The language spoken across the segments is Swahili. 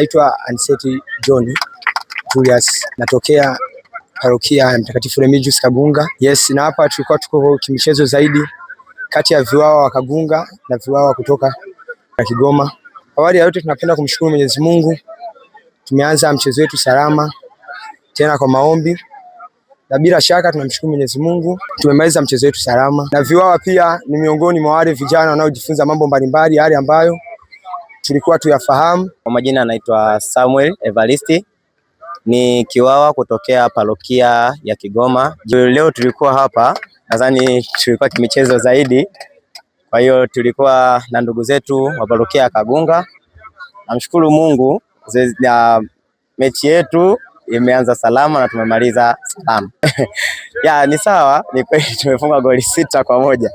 Naitwa Anseti John Julius, natokea parokia ya Mtakatifu Remigius Kagunga. Yes, na hapa tulikuwa tuko kimchezo zaidi kati ya viwawa wa Kagunga na viwawa kutoka na Kigoma. Awali ya yote, tunapenda kumshukuru Mwenyezi Mungu, tumeanza mchezo wetu salama tena kwa maombi, na bila shaka tunamshukuru Mwenyezi Mungu tumemaliza mchezo wetu salama, na viwawa pia ni miongoni mwa wale vijana wanaojifunza mambo mbalimbali yale ambayo tulikuwa tuyafahamu. Kwa majina anaitwa Samuel Evaristi, ni Kiwawa kutokea parokia ya Kigoma. Leo tulikuwa hapa, nadhani tulikuwa kimichezo zaidi, kwa hiyo tulikuwa na ndugu zetu wa parokia ya Kagunga. Namshukuru Mungu na mechi yetu imeanza salama na tumemaliza salama. Ya, ni sawa, ni kweli tumefunga goli sita kwa moja,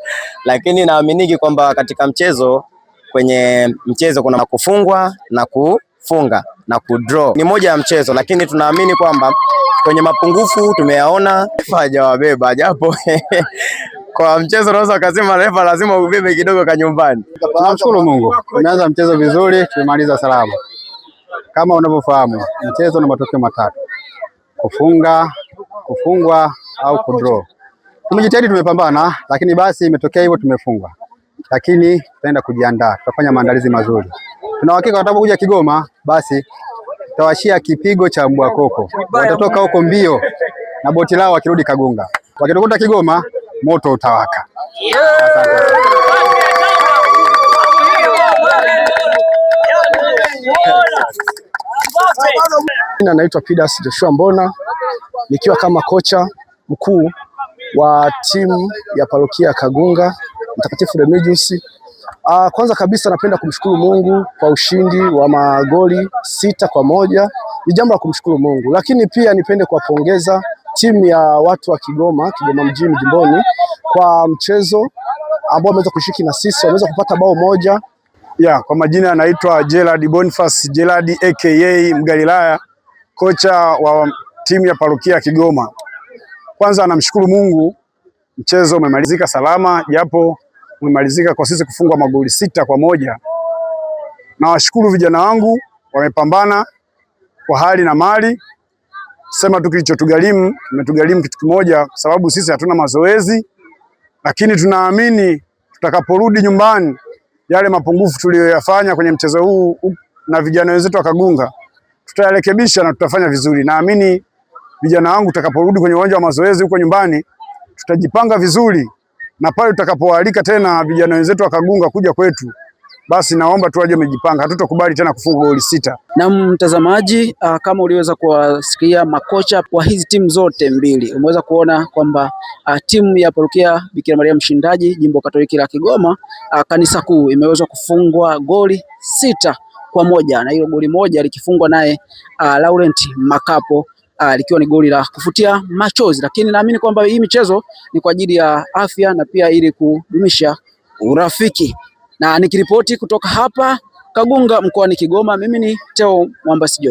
lakini naaminiki kwamba katika mchezo kwenye mchezo kuna kufungwa na kufunga na kudraw, ni moja ya mchezo, lakini tunaamini kwamba kwenye mapungufu tumeyaona, refa hajawabeba japo kwa mchezo unaweza ukasema refa lazima ubebe kidogo ka nyumbani. Tunamshukuru Mungu, tumeanza mchezo vizuri, tumemaliza salama. Kama unavyofahamu mchezo na matokeo matatu: kufunga, kufungwa au kudraw. Tumejitahidi, tumepambana, lakini basi imetokea hivyo, tumefungwa lakini tutaenda kujiandaa, tutafanya maandalizi mazuri. Tuna uhakika watakapokuja Kigoma, basi tutawashia kipigo cha mbwa koko, watatoka huko mbio na boti lao, wakirudi Kagunga, wakitukuta Kigoma moto utawaka. Na naitwa Pidas Joshua Mbona nikiwa kama kocha mkuu wa timu ya parokia Kagunga. Mtakatifu Remigius. Uh, ah, kwanza kabisa napenda kumshukuru Mungu kwa ushindi wa magoli sita kwa moja. Ni jambo la kumshukuru Mungu, lakini pia nipende kuwapongeza timu ya watu wa Kigoma, Kigoma mjini jimboni, kwa mchezo ambao wameweza kushiriki na sisi, wameweza kupata bao moja ya. Kwa majina anaitwa Gerard Boniface Gerard aka Mgalilaya, kocha wa timu ya parokia Kigoma. Kwanza anamshukuru Mungu mchezo umemalizika salama, japo umemalizika kwa sisi kufungwa magoli sita kwa moja. Nawashukuru vijana wangu, wamepambana kwa hali na mali. Sema tu kilichotugharimu, kimetugharimu kitu kimoja, kwa sababu sisi hatuna mazoezi, lakini tunaamini tutakaporudi nyumbani yale mapungufu tuliyoyafanya kwenye mchezo huu na vijana wenzetu wakagunga, tutayarekebisha na tutafanya vizuri. Naamini vijana wangu tutakaporudi kwenye uwanja wa mazoezi huko nyumbani tutajipanga vizuri, na pale tutakapoalika tena vijana wenzetu wakagunga kuja kwetu, basi naomba tu waje wamejipanga. Hatutakubali tena kufungwa goli sita. Na mtazamaji, uh, kama uliweza kuwasikia makocha wa hizi timu zote mbili, umeweza kuona kwamba uh, timu ya Parokia Bikira Maria Mshindaji Jimbo Katoliki la Kigoma uh, kanisa kuu imeweza kufungwa goli sita kwa moja na hilo goli moja likifungwa naye uh, Laurent Makapo uh, likiwa ni goli la kufutia machozi, lakini naamini kwamba hii michezo ni kwa ajili ya afya na pia ili kudumisha urafiki. Na nikiripoti kutoka hapa Kagunga mkoani Kigoma, mimi ni Teo Mwambasi